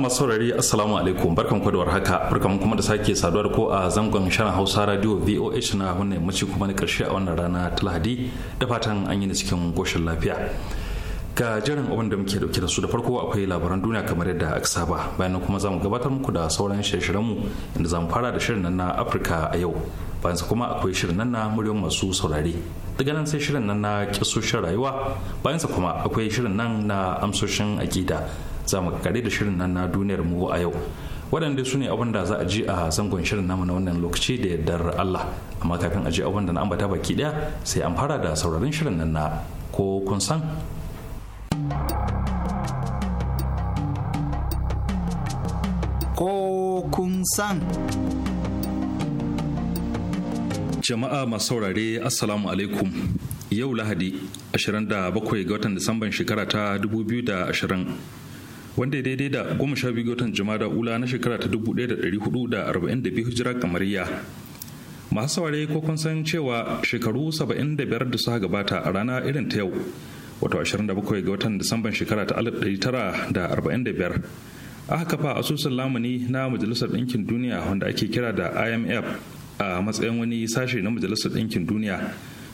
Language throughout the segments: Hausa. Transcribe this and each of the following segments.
jama'a masu saurari assalamu alaikum barkan ku da warhaka barkan kuma da sake saduwa ko a zangon shirin Hausa Radio VOH na wannan yammaci kuma na karshe a wannan rana ta Lahadi da fatan an yi na cikin goshin lafiya ga jiran abin da muke dauke da su da farko akwai labaran duniya kamar yadda aka saba bayan kuma zamu gabatar muku da sauran shirye-shiryen mu inda zamu fara da shirin nan na Afirka a yau bayan kuma akwai shirin nan na muryoyin masu saurare daga nan sai shirin nan na kisoshin rayuwa bayan kuma akwai shirin nan na amsoshin akida za mu kare da shirin nan na duniyar mu a yau waɗanda su ne abin da za a ji a zangon shirin namu na wannan lokaci da yardar Allah amma kafin a ji abin da na ambata baki ɗaya sai an fara da sauraron shirin nan na ko kun san ko kun san jama'a masu saurare assalamu alaikum yau lahadi 27 ga watan disamban shekara ta 2020 wanda ya daidai da goma sha biyu watan da ula na shekara ta dubu ɗaya da ɗari hudu da arba'in da biyu hijira kamariya masu saurare ko kun san cewa shekaru saba'in da biyar da suka gabata a rana irin ta yau wato ashirin da bakwai ga watan disamban shekara ta alif tara da da arba'in biyar aka kafa asusun lamuni na majalisar ɗinkin duniya wanda ake kira da imf a matsayin wani sashe na majalisar ɗinkin duniya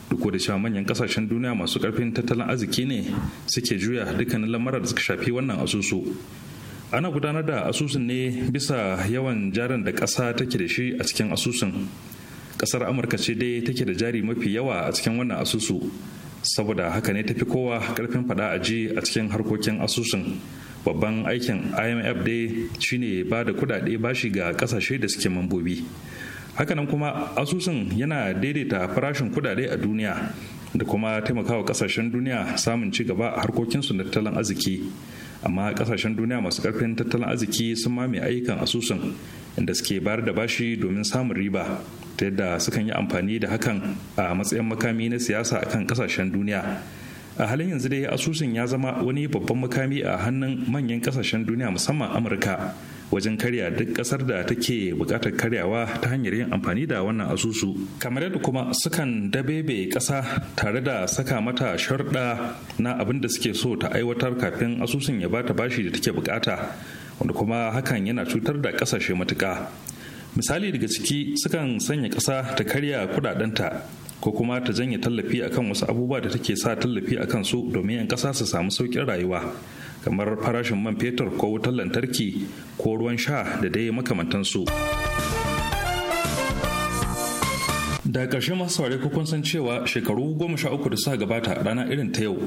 duk da cewa manyan kasashen duniya masu karfin tattalin arziki ne suke juya dukkanin lamarar da suka shafi wannan asusu ana gudanar da asusun ne bisa yawan jarin da ƙasa take da shi a cikin asusun ƙasar amurka ce dai take da jari mafi yawa a cikin wannan asusu saboda haka ne tafi kowa karfin faɗa a ji a cikin harkokin asusun babban aikin imf dai shine ba da kudade bashi ga kasashe da suke mambobi hakanan kuma asusun yana daidaita farashin kudade a duniya da kuma taimakawa kasashen duniya samun ci gaba a harkokinsu na tattalin arziki amma kasashen duniya masu karfin tattalin arziki sun mame ayyukan asusun inda suke bayar da bashi domin samun riba ta yadda sukan yi amfani da hakan a matsayin makami na siyasa akan kasashen duniya a halin yanzu dai asusun ya zama wani babban makami a hannun manyan kasashen duniya musamman amurka wajen karya duk kasar da take bukatar karyawa ta hanyar yin amfani da wannan asusu kamar yadda kuma sukan dabebe kasa tare da saka mata sharɗa na abin da suke so ta aiwatar kafin asusun ya bata bashi da take bukata wanda kuma hakan yana cutar da kasashe matuka misali daga ciki sukan sanya ƙasa ta karya kudadenta ko kuma ta janye tallafi akan wasu abubuwa da take sa tallafi akan su domin 'yan ƙasa su samu sauƙin rayuwa kamar farashin man fetur ko wutar lantarki ko ruwan sha da dai makamantansu. da ƙarshe masu saurari kun san cewa shekaru goma sha uku da suka gabata rana irin ta yau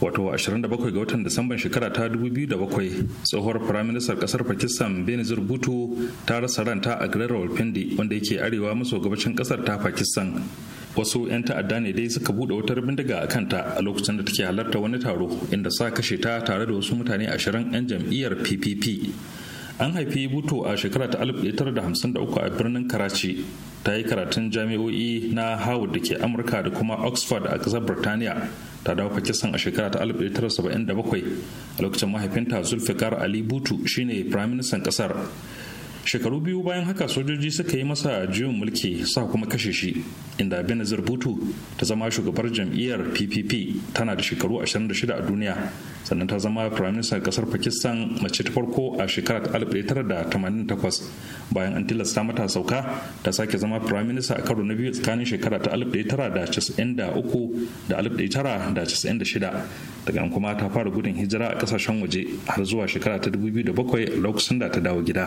wato 27 ga watan disamban shekara ta 2007 tsohuwar firaministan ƙasar pakistan benazir bhutto ta rasa ranta a garin rawalpindi wanda yake arewa maso gabashin ƙasar ta pakistan wasu 'yan ta'adda ne dai suka buɗe wutar bindiga a kanta a lokacin da take halarta wani taro inda sa kashe ta tare da wasu mutane ashirin 'yan jam'iyyar ppp an haifi buto a shekara ta 1953 a birnin karachi ta yi karatun jami'o'i na howard da ke amurka da kuma oxford a ƙasar birtaniya ta dawo pakistan a shekara ta 1977 a lokacin mahaifinta zulfikar ali butu shine firaministan kasar. shekaru biyu bayan haka sojoji suka yi masa juyin mulki sa kuma kashe shi inda benazir butu ta zama shugabar jam'iyyar ppp tana da shekaru 26 a duniya sannan ta zama firaministan kasar pakistan mace ta farko a shekarar 1988 bayan an tilasta mata sauka ta sake zama firaminista a karo na biyu tsakanin shekara ta 1993 da 1996 daga nan kuma ta fara gudun hijira a kasashen waje har zuwa shekara ta 2007 lokacin da ta dawo gida.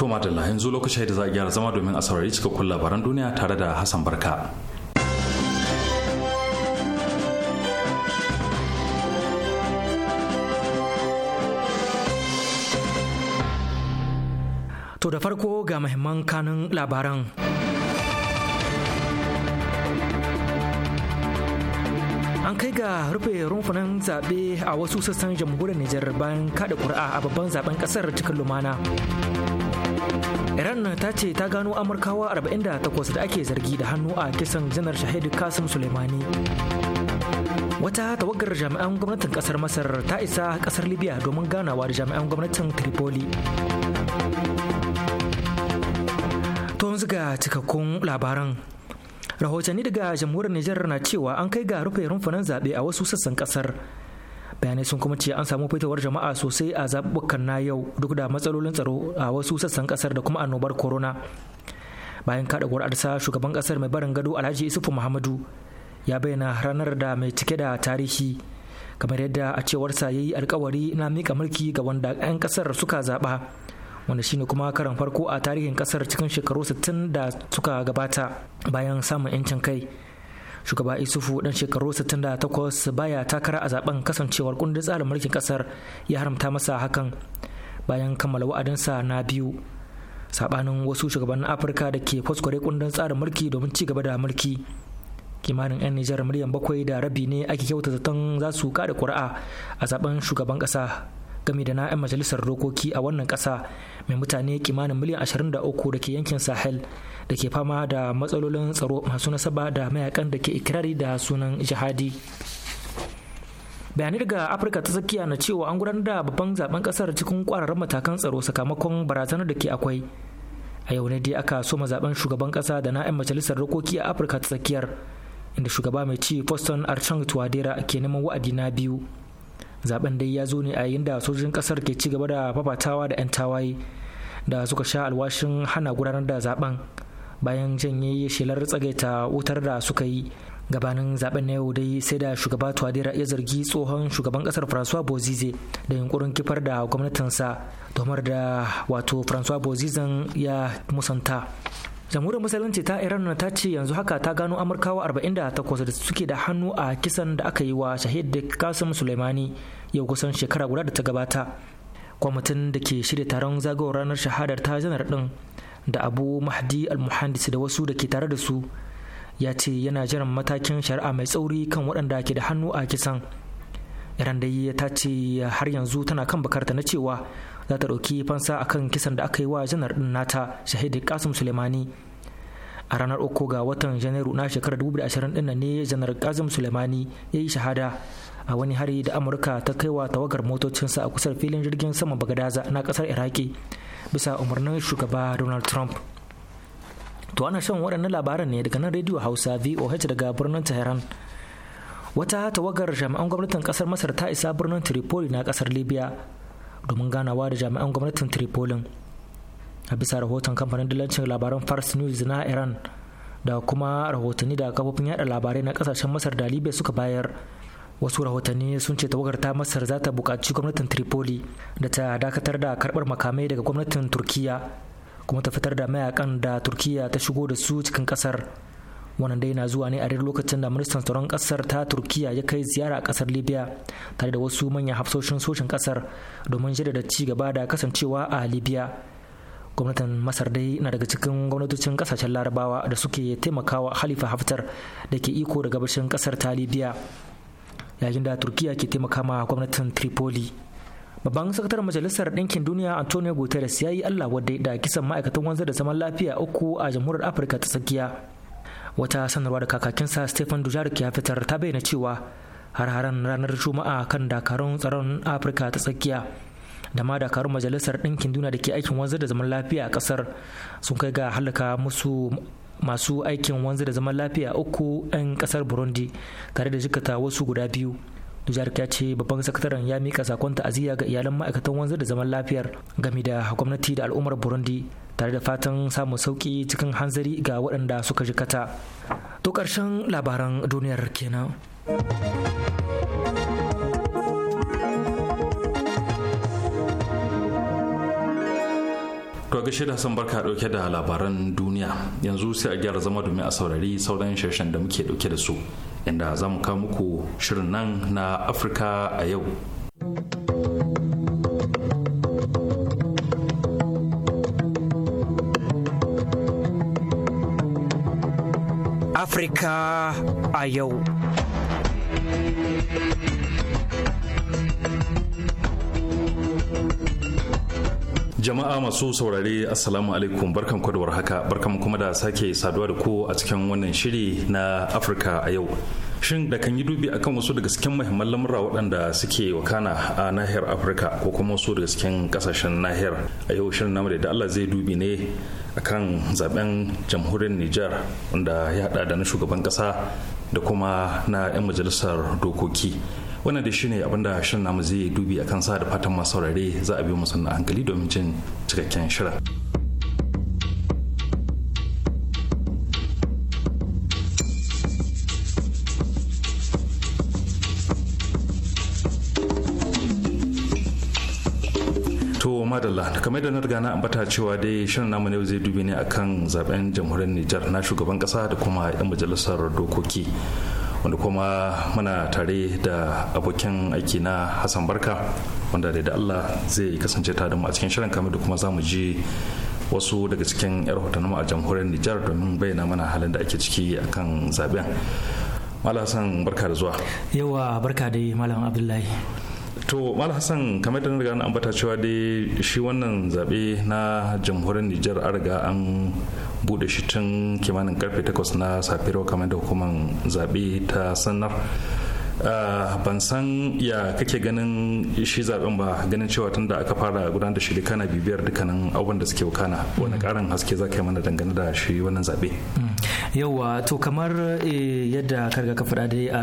To madalla yanzu lokaci da za a gyara zama domin a saurari cikakkun labaran duniya tare da Hassan Barka. To da farko ga mahimman kanun labaran. An kai ga rufe rumfunan zaɓe a wasu sassan jamhuriyar Nijar bayan kaɗa ƙuri'a a babban zaɓen ƙasar cikin lumana. iran ta ce ta gano amurkawa 48 da ake zargi da hannu a kisan janar shahid kasim suleimani wata tawagar jami'an gwamnatin kasar masar ta isa kasar libya domin ganawa da jami'an gwamnatin tripoli to yanzu ga cikakkun labaran rahotanni daga jamhuriyar nijar na cewa an kai ga rufe rumfunan zaɓe a wasu sassan kasar bayanai sun kuma ce an samu fitowar jama'a sosai a zaɓuɓɓukan na yau duk da matsalolin tsaro a wasu sassan ƙasar da kuma annobar corona bayan kaɗa arsa shugaban ƙasar mai barin gado alhaji isufu muhammadu ya bayyana ranar da mai cike da tarihi kamar yadda a cewarsa ya yi alkawari na mika mulki ga wanda 'yan ƙasar suka zaɓa wanda shine kuma karan farko a tarihin ƙasar cikin shekaru 60 da suka gabata bayan samun 'yancin kai shugaba isufu dan shekaru 68 baya takara a zaben kasancewar kundin tsarin mulkin kasar ya haramta masa hakan bayan kammala wa'adinsa na biyu sabanin wasu shugabannin afirka da ke kwaskware kundin tsarin mulki domin ci gaba da mulki kimanin 'yan nijar miliyan bakwai da rabi ne ake kyauta zaton za su kada kuri'a a zaben shugaban kasa game da na majalisar dokoki a wannan kasa mai mutane kimanin miliyan 23 da ke yankin sahel da ke fama da matsalolin tsaro masu nasaba da mayakan da ke ikirari da sunan jihadi bayanai daga afirka ta tsakiya na cewa an gudanar da babban zaben kasar cikin kwararren matakan tsaro sakamakon barazanar da ke akwai a yau ne dai aka soma zaben shugaban kasa da na'yan majalisar dokoki a afirka ta tsakiyar inda shugaba mai ci foston Archang Tuwadera ke neman wa'adi na biyu. Zaben dai ya zo ne a yayin da sojojin kasar ke ci gaba da fafatawa da 'yan tawaye da suka sha alwashin hana gudanar da zaben bayan janye shelar tsagaita wutar da suka yi gabanin zaben na yau dai sai da shugaba tuwadera ya zargi tsohon shugaban kasar francois bozize da yunkurin kifar da gwamnatinsa domar da wato francois bozizan ya musanta jamhuriyar musulunci ta iran ta ce yanzu haka ta gano amurkawa 48 da suke da hannu a kisan da aka yi wa shahid kasim suleimani yau kusan shekara guda da ta gabata kwamitin da ke shirya taron zagawar ranar shahadar ta janar din da abu mahdi al-muhandis da wasu da ke tare da su ya ce yana jiran matakin shari'a mai tsauri kan waɗanda ke da hannu a kisan iran yi ta ce har yanzu tana kan bakarta na cewa za ta ɗauki fansa a kan kisan da aka yi wa janar ɗin nata shahid kasim suleimani a ranar uku ga watan janairu na shekarar 2020 ɗin ne janar kasim suleimani ya yi shahada a wani hari da amurka ta kai wa tawagar motocinsa a kusa filin jirgin sama bagadaza na kasar iraki bisa umarnin shugaba donald trump to ana shan waɗannan labaran ne daga nan rediyo hausa voh daga birnin tehran wata tawagar jami'an gwamnatin kasar masar ta isa birnin tripoli na kasar libya domin ganawa da jami'an gwamnatin tripoli a bisa rahoton kamfanin dalancin labaran fars news na iran da kuma rahotanni da kafofin yada labarai na kasashen masar da libya suka bayar wasu rahotanni sun ce tawagar ta masar za ta buƙaci gwamnatin tripoli da ta dakatar da karɓar makamai daga gwamnatin turkiya kuma ta fitar da mayakan da turkiya ta shigo da su cikin kasar wannan dai na zuwa ne a daidai lokacin da ministan tsaron ƙasar ta turkiya ya kai ziyara a ƙasar libya tare da wasu manyan hafsoshin soshin ƙasar domin jaddada ci gaba da kasancewa a libya gwamnatin masar dai na daga cikin gwamnatocin kasashen larabawa da suke taimakawa halifa haftar da ke iko da gabashin kasar ta libya yayin da turkiya ke taimaka ma gwamnatin tripoli babban sakataren majalisar ɗinkin duniya antonio guterres ya yi allah wadda da kisan ma'aikatan wanzar da zaman lafiya uku a jamhuriyar afirka ta tsakiya wata sanarwa da kakakinsa stephen dujarik ya fitar ta bayyana cewa har-haren ranar juma'a kan dakarun tsaron afirka ta tsakiya da ma dakarun majalisar ɗinkin duniya da ke aikin wanzar da zaman lafiya a ƙasar sun kai ga halaka musu masu aikin wanzu da zaman lafiya uku 'yan kasar burundi tare da jikata wasu guda biyu dujar ya ce babban sakataren ya mika sakon ta'aziyya ga iyalan ma'aikatan wanzar da zaman lafiyar game da gwamnati da al'ummar Burundi tare da fatan samun sauki cikin hanzari ga waɗanda suka jikata. To ƙarshen labaran duniyar kenan. To ga da Hassan barka dauke da labaran duniya yanzu sai a gyara zama domin a saurari sauran shirshen da muke dauke da su inda za mu kawo muku shirin nan na Afirka a yau. Afirka a yau. jama'a masu saurare assalamu alaikum barkan kwadowar haka barkan kuma da sake saduwa da ku a cikin wannan shiri na afirka a yau shin da kan yi dubi akan wasu daga cikin mahimman lamura waɗanda suke wakana a nahiyar afirka ko kuma wasu daga cikin ƙasashen nahiyar a yau shirin namu da allah zai dubi ne akan zaben jamhuriyar niger wanda ya haɗa da na shugaban ƙasa da kuma na 'yan majalisar dokoki wannan da shine abin da shirin namu zai dubi a sa da fatan masu saurare za a biyo mu sannan hankali domin jin cikakken shirin madalla kamar da na riga na ambata cewa dai shirin namu ne zai dubi ne akan zaben jamhuriyar Nijar na shugaban kasa da kuma 'yan majalisar dokoki wanda kuma muna tare da abokin aiki na hassan barka wanda da allah zai kasance tare da mu a cikin shirin kamar da kuma za mu ji wasu daga cikin 'yar hotonmu a jamhuriyar nijar domin bayyana mana halin da ake ciki akan zaben malam hassan barka da zuwa yawa barka dai malam abdullahi to malam hassan kamar da na riga an ambata cewa dai shi wannan zaɓe na jamhuriyar nijar an riga an bude shi tun kimanin karfe takwas na safiyar kamar da hukumar zaɓe ta sanar ban san ya kake ganin shi zaben ba ganin cewa tun da aka fara gudanar da shirika na bibiyar dukkanin abubuwan da suke wakana wani karin mhm. haske za ka yi mana dangane da shi wannan zaɓe. Mhm. yauwa to kamar eh, yadda karga ka faɗa dai a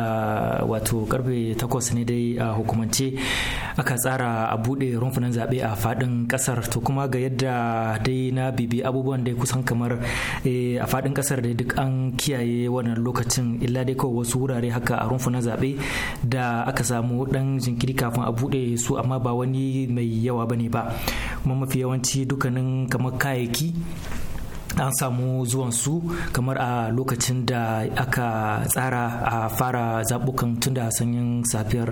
wato karfe takwas ne dai a hukumance aka tsara a buɗe rumfunan zaɓe a faɗin ƙasar to kuma ga yadda dai na bibi abubuwan dai kusan kamar eh, a faɗin ƙasar dai duk an kiyaye wannan lokacin illa dai kawai wasu wurare haka a rumfunan zaɓe da aka samu ɗan jinkiri kafin a buɗe su amma ba wani mai yawa bane ba kuma mafi yawanci dukkanin kamar kayayyaki an samu zuwan su kamar a lokacin da aka tsara a fara zabukan tun da sanyin safiyar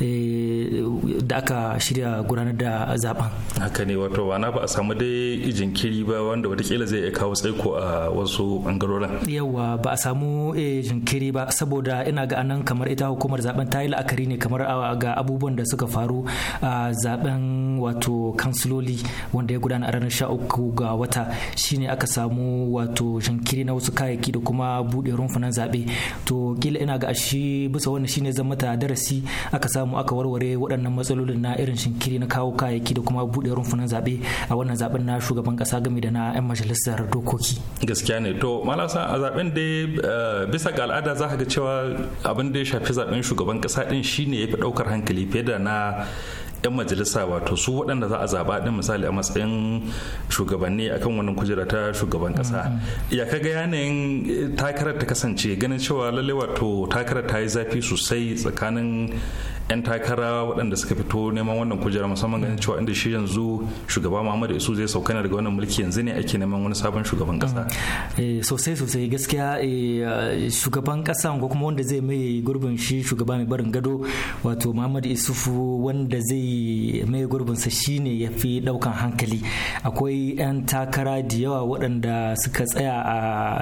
eh, da aka shirya gudanar da zaben haka ne wato wana ba a samu dai jinkiri ba wanda watakila zai iya kawo tsaiko a wasu bangarorin yawa ba a samu eh, jinkiri ba saboda ina ga anan kamar ita hukumar zaben ta yi la'akari ne kamar ga abubuwan da suka faru a zaben wato kansiloli wanda ya gudana a ranar 13 ga wata shine aka samu samu wato jinkiri na wasu kayayyaki da kuma buɗe rumfunan zaɓe to kila ina ga shi bisa wannan shine zan mata darasi aka samu aka warware waɗannan matsalolin na irin jinkiri na kawo kayayyaki da kuma buɗe rumfunan zaɓe a wannan zaɓen na shugaban ƙasa game da na 'yan majalisar dokoki gaskiya ne to malasa a zaɓen da eh, bisa ga al'ada za ka ga cewa abin da ya shafi zaɓen shugaban ƙasa ɗin shine ya fi ɗaukar hankali fiye da na 'yan majalisa wato su waɗanda za a zaɓa ɗin misali a matsayin shugabanni akan wannan kujera ta shugaban ƙasa mm-hmm. ya ka ga yanayin eh, takarar ta kasance ganin cewa lallai wato takarar ta yi zafi sosai tsakanin 'yan takara waɗanda suka fito neman wannan kujera musamman ganin cewa inda shi yanzu shugaba muhammadu isu zai sauka ne daga wannan mulki yanzu ne ake neman wani sabon shugaban kasa mm-hmm. eh, sosai sosai gaskiya eh, shugaban kasa ko kuma wanda zai mai gurbin shi shugaba mai barin gado wato muhammadu isufu wanda zai mai gurbin sa shine ya fi ɗaukan hankali akwai 'yan takara da yawa waɗanda suka tsaya a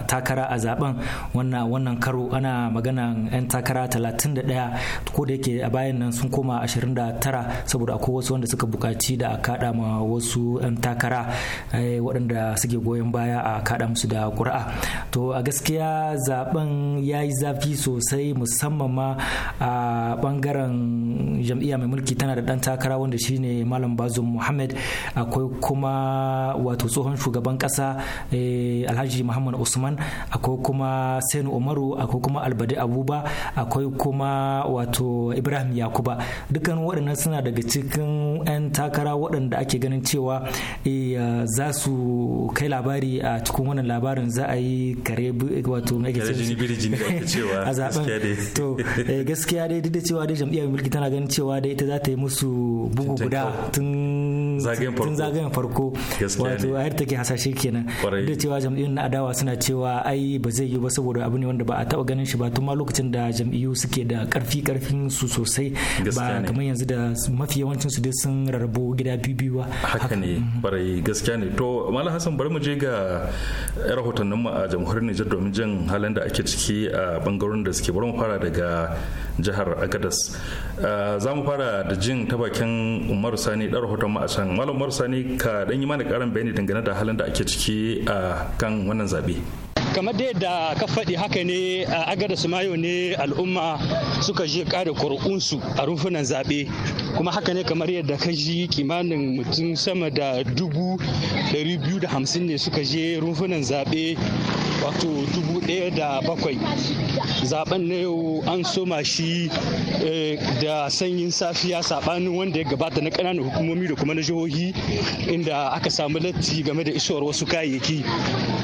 takara a zaben wannan wannan karo ana magana 'yan takara 31 ko da yake a bayan din nan sun koma 29 saboda akwai wasu wanda suka bukaci da a kada ma wasu 'yan takara eh, waɗanda suke goyon baya a kada musu da ƙuri'a to a gaskiya zaben ya yi zafi sosai musamman ma a ɓangaren jam'iyya mai mulki tana da ɗan takara wanda shine malam bazu muhammad akwai kuma wato tsohon shugaban ƙasa eh, alhaji muhammad usman akwai kuma sani umaru akwai kuma albadi abuba akwai kuma wato ibrahim ba dukkan waɗannan suna daga cikin 'yan takara waɗanda ake ganin cewa eh, za su kai labari a cikin wannan labarin za a yi kare wato a eh, gaskiya dai duk da cewa dai jam'iyyar mulki tana ganin cewa dai ita za ta yi musu bugu guda tun tun zagayen farko wato yarda ke hasashe kenan da cewa jam'iyyun na adawa suna cewa ai ba zai yi ba saboda abu ne wanda ba a taba ganin shi ba tun ma lokacin da jam'iyyu suke da karfi karfin su sosai ba kamar yanzu da mafi yawancin su dai sun rarrabu gida biyu ba haka ne barai mm-hmm. gaskiya ne to malam hassan bari mu je ga rahotannin mu a jamhuriyar Nijar domin jin halin da ake ciki a bangaren da suke bari mu fara daga jihar Agadas ah, za mu fara da jin ta bakin Umaru Sani dan rahoton mu a can kenan malam sani ka dan yi mana karin bayani dangane da halin da ake ciki a kan wannan zabe kamar dai da ka faɗi haka ne a da sumayo ne al'umma suka je ƙara ƙuri'unsu a rumfunan zaɓe kuma haka ne kamar yadda ka ji kimanin mutum sama da dubu 250 ne suka je rumfunan zaɓe wato bakwai, zaben na yau an soma shi eh, da sanyin safiya sabanin wanda ya gabata na kananan hukumomi da kuma na jihohi inda aka samu latti game da isowar wasu kayayyaki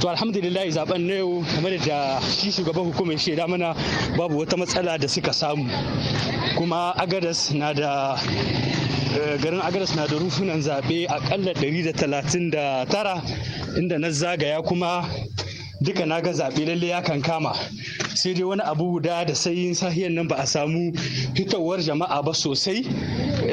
to alhamdulillah zaben na yau game da shi shugaban hukumar shaida mana babu wata matsala da suka samu kuma agadas na da eh, garin agadas na da rufunan zaɓe akalla 139 inda na zagaya kuma duka na ga zaɓe lalle ya kankama sai dai wani abu guda da sai sahiyan nan ba a samu fitowar jama'a ba sosai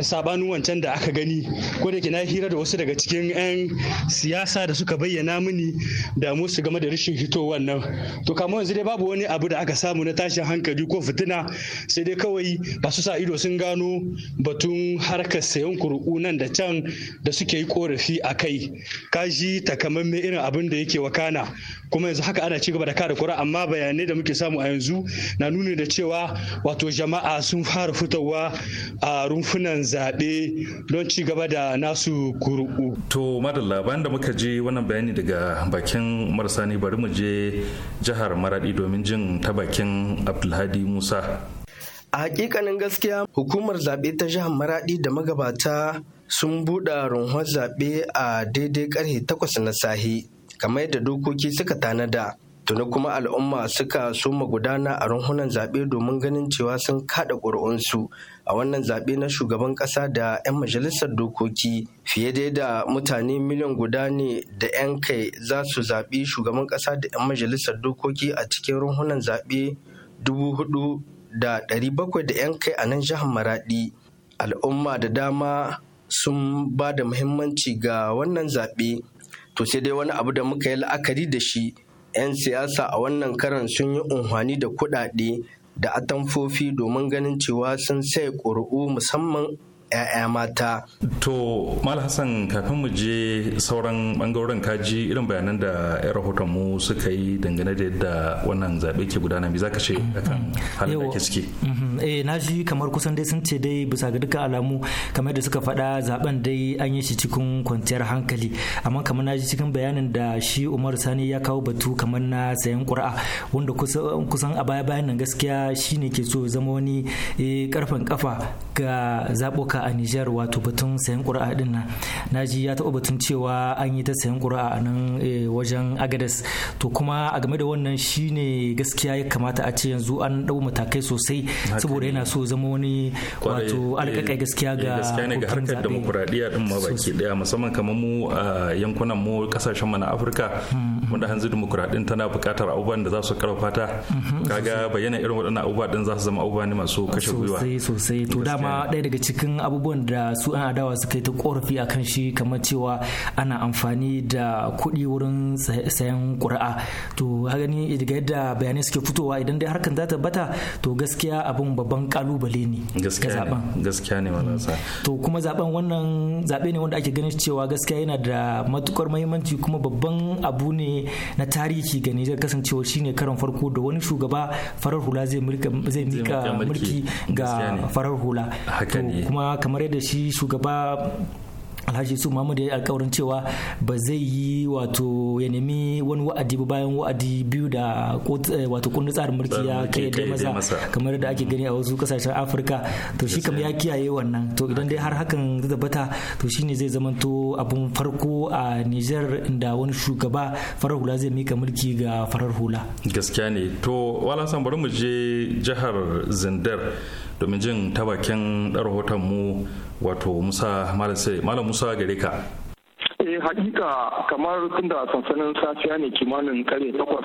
sabanin wancan da aka gani ko da na hira da wasu daga cikin 'yan siyasa da suka bayyana mini da musu game da rashin hitowar nan to kama yanzu dai babu wani abu da aka samu na tashin hankali ko fitina sai dai kawai ba su sa ido sun gano batun harkar sayan kuru'u nan da can da suke yi korafi a kai kaji takamamme irin abin da yake wakana kuma yanzu haka ana ci gaba da kare kura amma bayanai da muke samu samu a yanzu na nuna da cewa wato jama'a sun fara fitowa a rumfunan zaɓe don ci gaba da nasu kuru'u. To madalla bayan da muka je wannan bayani daga bakin marasa ne bari mu je jihar Maradi domin jin ta bakin Abdulhadi Musa. A hakikanin gaskiya hukumar zaɓe ta jihar Maradi da magabata sun buɗe runhon zaɓe a daidai ƙarfe takwas na sahi kamar yadda dokoki suka tanada. tuni kuma al'umma suka suma gudana a runhunan zaɓe domin ganin cewa sun kaɗa ƙuri'unsu a wannan zaɓe na shugaban ƙasa da 'yan majalisar dokoki fiye da da mutane miliyan guda ne da 'yan kai za su zaɓi shugaban ƙasa da 'yan majalisar dokoki a cikin runhunan zaɓe dubu hudu da da 'yan kai a nan jihar maraɗi al'umma da dama sun ba da muhimmanci ga wannan zaɓe to sai dai wani abu da muka yi la'akari da shi 'yan siyasa a wannan karan sun yi unhwani da kuɗaɗe da atamfofi domin ganin cewa sun sai ƙuri'u musamman 'ya'ya mata. To, Mal Hassan kafin mu je sauran bangaren kaji irin bayanan da 'yan rahoton mu suka yi dangane da yadda wannan zaɓe ke gudana me zaka ce mm-hmm. akan halin da ke ciki. Mm-hmm. Eh na ji kamar kusan dai sun ce dai bisa ga dukkan alamu kamar da suka faɗa zaben dai an yi shi cikin kwanciyar hankali amma kamar na ji cikin bayanin da shi Umar Sani ya kawo batu kamar na sayan ƙura'a wanda kusan a baya bayan nan gaskiya shine ke so zama wani karfin eh, kafa ga zaɓuka haka a Nijar wato batun sayan ƙuri'a din nan naji ya taɓa batun cewa an yi ta sayan ƙuri'a a nan eh, wajen Agadez to kuma a game da wannan shine gaskiya ya kamata a ce yanzu an ɗau matakai sosai saboda yana so zama wani wato alƙaƙai eh, gaskiya ga eh, harkar demokuraɗiyya din ma baki ɗaya musamman kamar mu a yankunan mu ƙasashen mu na Afirka hmm, hmm. wanda hanzu demokuraɗin tana buƙatar abubuwan da za su karfafa ta hmm, kaga bayyana irin waɗannan abubuwa din za su zama abubuwa ne masu kashe gwiwa sosai sosai to dama ɗaya daga cikin abubuwan da su an adawa suka yi ta korafi a kan shi kamar cewa ana amfani da kuɗi wurin sayan ƙuri'a to gani daga yadda bayanai suke fitowa idan dai harkan za ta bata to gaskiya abin babban kalubale ne ga zaben gaskiya ne to kuma zaben wannan zabe ne wanda ake ganin cewa gaskiya yana da matukar muhimmanci kuma babban abu ne na tarihi ga Nijar kasancewa shine karan farko da wani shugaba farar hula zai mika mulki ga farar hula kuma kamar yadda shi shugaba alhaji su da ya yi alkawarin cewa ba zai yi wato ya nemi wani wa'adi ba bayan wa'adi biyu da eh, wato kundin tsarin mulki ya ke da masa kamar da ake gani a wasu kasashen afirka to shi kam ya kiyaye wannan to idan dai har hakan zai tabbata to shi ne zai zamanto abun farko a niger inda wani shugaba farar hula zai mika mulki ga farar hula gaskiya ne to wala san bari mu je jihar zindar domin jin ta bakin rahoton mu wato musa malam musa gare ka eh hakika kamar tunda sansanin safiya ne kimanin kare takwas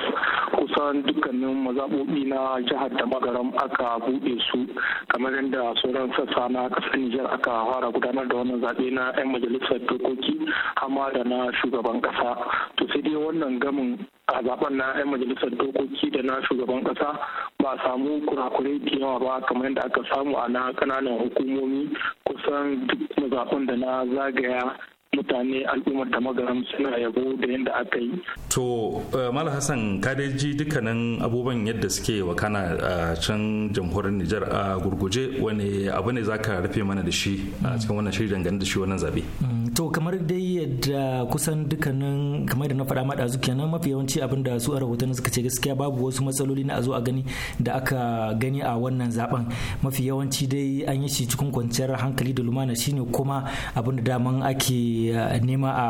kusan dukkanin mazaɓoɓi na jihar da magaram aka buɗe su kamar yadda sauran sassa na ƙasar Nijar aka fara gudanar da wannan zaɓe na 'yan majalisar dokoki hama da na shugaban ƙasa. To sai dai wannan gamin a zaben na 'yan majalisar dokoki da na shugaban ƙasa ba a samu kurakurai da yawa ba kamar yadda aka samu a na ƙananan hukumomi kusan duk mazaɓen da na zagaya mutane al'ummar da magaram suna yabo da yadda aka yi. To, eh, Mala Hassan kadeji dukkanin abubuwan yadda suke wakana a can jamhuriyar Nijar a gurguje wani abu ne za ka rufe mana da shi a cikin wannan shirin dangane da shi wannan zabe. Mm, to, kamar dai yadda kusan dukkanin kamar da na faɗa maɗa zuke nan mafi yawanci abin da su a rahoton suka ce gaskiya babu wasu matsaloli na a zo a gani da aka gani a wannan zaben mafi yawanci dai an yi shi cikin kwanciyar hankali da lumana shine kuma abin da daman ake nema a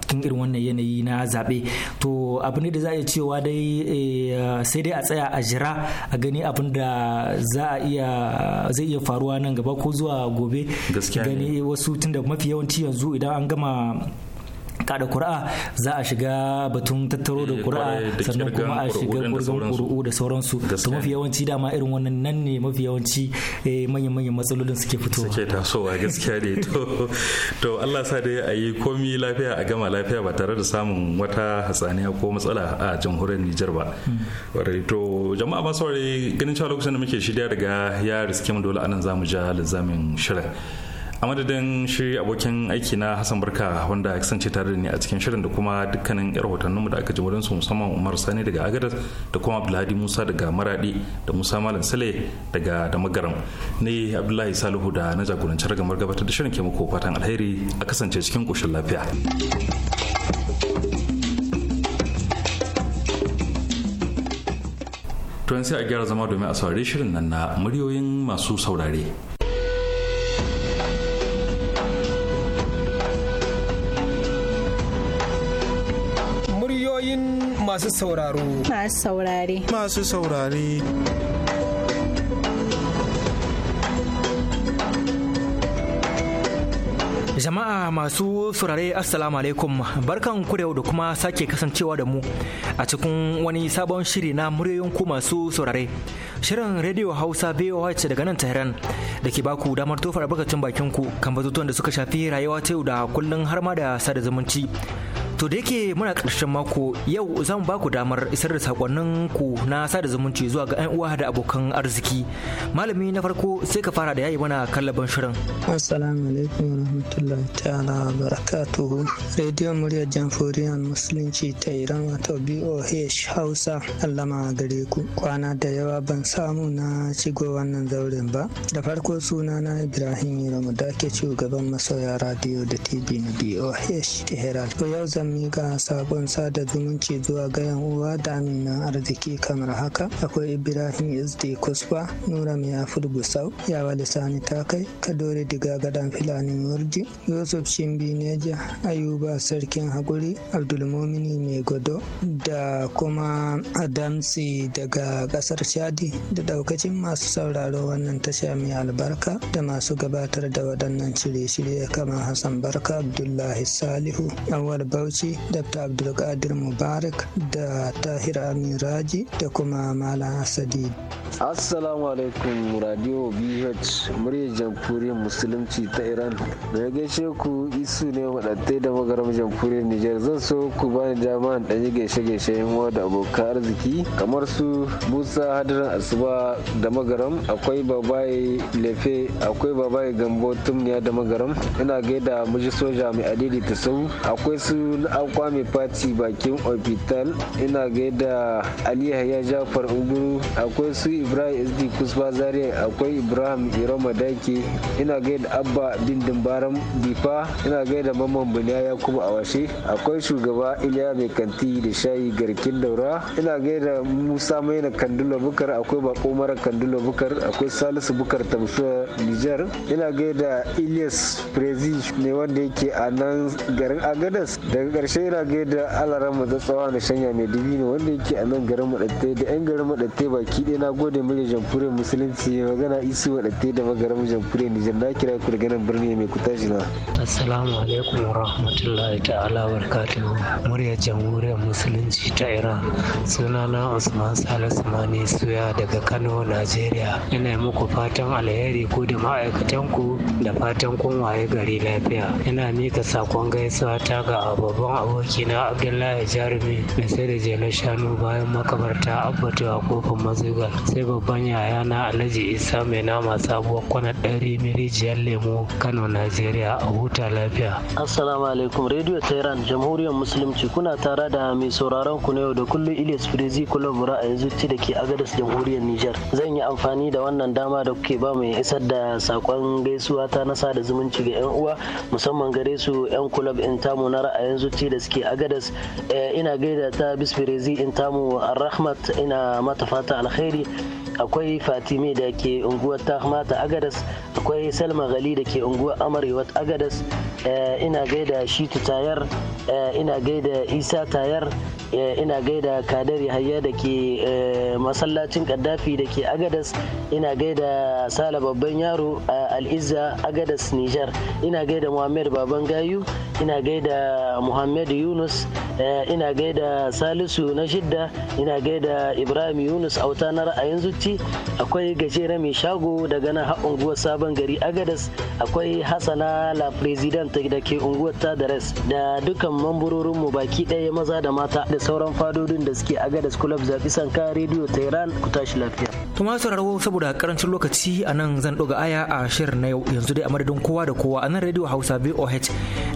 cikin irin wannan yanayi na zaɓe to abu ne da za a iya cewa dai eh, sai dai a tsaya a jira a gani abin da za a iya zai iya faruwa nan gaba ko zuwa gobe gani wasu tunda mafi yawanci yanzu idan an gama kada kuri'a za a shiga batun tattaro da kuri'a eh, sannan kuma a shiga gurgan da sauransu to mafi yawanci dama irin wannan nan ne mafi yawanci eh, manyan manyan matsalolin suke fitowa suke tasowa gaskiya ne to Allah sa dai a yi komi lafiya a gama lafiya ba tare da samun wata hatsaniya ko matsala a jamhuriyar Nijar ba to jama'a masu ganin cewa lokacin da muke shirya daga ya riske mu dole anan zamu ja lazamin shirin a madadin shi abokin aiki na hassan barka wanda ya kasance tare da ni a cikin shirin da kuma dukkanin yar hotannunmu da aka ji wurin su musamman umar sani daga agadas da kuma abdulhadi musa daga maradi da musa malam sale daga damagaram ni abdullahi salihu da na jagorancin ragamar gabatar da shirin ke muku fatan alheri a kasance cikin koshin lafiya turan sai a gyara zama domin a saurari shirin nan na muryoyin masu saurare masu sauraro. Masu saurare. Masu saurare. Jama'a masu saurare Assalamu alaikum barkan ku da yau da kuma sake kasancewa da mu a cikin wani sabon shiri na muryoyin masu saurare. Shirin Radio Hausa VOH daga nan Tehran da ke baku damar tofar bakacin bakin ku kan batutuwan da suka shafi rayuwa ta yau da kullun har ma da sada zumunci. To da yake muna ƙarshen mako yau za mu ku damar isar da sakonnin ku na sada zumunci zuwa ga 'yan uwa da abokan arziki. Malami na farko sai ka fara da yayi mana kallaban shirin. Assalamu alaikum wa rahmatullahi ta'ala wa barakatuhu. Radio Muryar Jamhuriyar Musulunci ta Iran wato BOH Hausa Allama gare ku. Kwana da yawa ban samu na shigo wannan zauren ba. Da farko suna na Ibrahim Yaramu da ke shugaban masoya radio da TV na BOH to Yau zan mika sabon sada zumunci zuwa ga yan uwa da aminan arziki kamar haka akwai ibrahim sd kusfa nura mai afur busau yawa lisani takai kadore diga gadan filanin warji yusuf shimbi neja ayuba sarkin haguri abdulmomini mai godo da kuma adamsi daga kasar shadi da daukacin masu sauraro wannan tasha mai albarka da masu gabatar da waɗannan shirye-shirye kamar hassan barka abdullahi salihu awal bauchi Bauchi Dr. Abdulkadir Mubarak da Tahir Amin Raji da kuma Malam Asadi. Assalamu alaikum Radio BH muryar jamhuriyar musulunci ta Iran. Da gaishe ku isu ne wadatai da magaram jamhuriyar Nijar zan so ku bani dama da yi gaishe-gaishe yan da abokan arziki kamar su Musa Hadiran Asuba da magaram akwai babaye lefe akwai babaye gambo tumniya da magaram ina gaida miji soja mai adili ta sau akwai su an kwame fati bakin ofital ina gaida ali yahya jafar unguru akwai su ibrahim sd kusba zaria akwai ibrahim iroma daki ina gaida abba dindin baran bifa ina gaida mamman buniya yakubu awashe akwai shugaba iliya mai kanti da shayi garkin daura ina gaida musa maina kandula bukar akwai bako mara kandula bukar akwai salisu bukar tamsuwa nijar ina gaida ilyas prezi ne wanda yake a nan garin agadas daga karshe na ga da alaran mu tsatsawa da shanya mai dubi ne wanda yake a nan garin madatte da yan garin madatte baki ɗaya na gode mu da jamhuriyar musulunci magana isu madatte da magarin jamhuriyar nijar na kira ku daga nan birni mai Asalamu na. assalamu alaikum wa rahmatullahi ta'ala wa barakatuhu Murya jamhuriyar musulunci ta iran sunana usman salisu mani suya daga kano najeriya ina muku fatan alheri ku da ma'aikatan ku da fatan kun waye gari lafiya ina mika sakon gaisuwa ta ga abubuwa babban aboki na abdullahi jarumi mai sai da jelar shanu bayan makabarta abbatu a kofin mazuga sai babban yaya na alhaji isa mai nama sabuwar kwanar ɗari mirijiyar lemo kano najeriya a huta lafiya assalamu alaikum radio tehran jamhuriyar musulunci kuna tara da mai sauraron ku na yau da kullum ilyas firizi kulabura a yanzu ci da ke agadas jamhuriyar nijar zan yi amfani da wannan dama da kuke ba mai isar da sakon gaisuwa ta na sada zumunci ga yan uwa musamman gare su yan kulab in tamu na ra'ayin ce da suke agadas eh, ina gaida ta bisfirezi in tamu rahmat ina mata fata alkhairi akwai fatimi da ke unguwar tahmata agadas akwai salma gali da ke unguwar amarewa agadas eh, ina gaida shi tayar Eh, ina gaida isa tayar eh, ina gaida kadar yahaya da ke eh, masallacin kaddafi da ke agadas ina gaida sala babban yaro a al'izza agadas nijar ina gaida muhammed baban gayu ina gaida muhammed yunus ina gaida salisu na shidda ina gaida ibrahim yunus auta na ra'ayin zuci akwai gajere mai shago daga nan unguwar sabon gari agadas akwai hasana la president da ke unguwar tadares da dukkan mambarorin mu baki ɗaya maza da mata da sauran fadodin da suke agadas club zaɓi sanka rediyo tehran ku tashi lafiya. to ma sauraro saboda karancin lokaci a nan zan ɗoga aya a shirin na yau yanzu dai a madadin kowa da kowa a nan rediyo hausa boh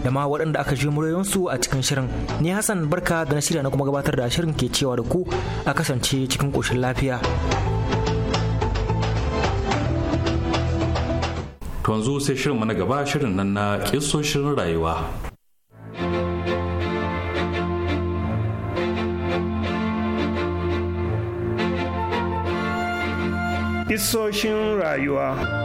da ma waɗanda aka ji su a cikin shirin ni hassan barka da na shirya na kuma gabatar da shirin ke cewa da ku a kasance cikin ƙoshin lafiya. To yanzu sai shirin mana gaba shirin nan na kisoshin rayuwa. hissoshin rayuwa.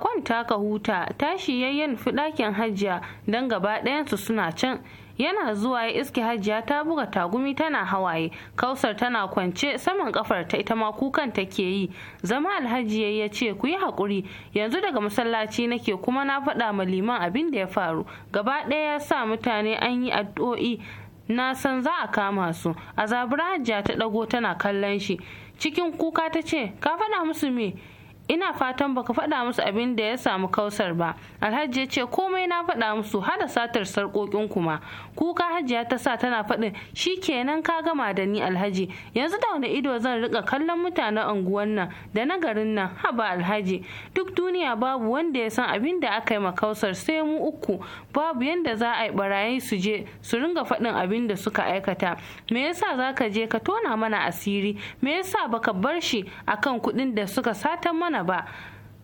kwanta ka huta tashi ya nufi ɗakin hajiya don gaba ɗayansu suna can yana zuwa ya iske hajiya ta buga tagumi tana hawaye kausar tana kwance saman kafar ta ita ma kukan take yi zama alhaji ya ce ku yi haƙuri yanzu daga masallaci nake kuma na faɗa ma liman abin da ya faru gaba ɗaya ya sa mutane an yi addu'o'i na san za a kama su a zabura hajiya ta ɗago tana kallon shi cikin kuka ta ce ka faɗa musu me ina fatan baka faɗa musu abin da ya samu kausar ba alhaji ya ce komai na faɗa musu hada satar sarƙoƙin kuma kuka hajiya ta sa tana faɗin shi kenan ka gama da ni alhaji yanzu da wani ido zan rika kallon mutanen unguwan nan da na garin nan haba alhaji duk duniya babu wanda ya san abin da aka yi ma kausar sai mu uku babu yanda za a yi barayi su je su ringa faɗin abin da suka aikata me yasa za ka je ka tona mana asiri me yasa baka bar shi akan kuɗin da suka satan mana ba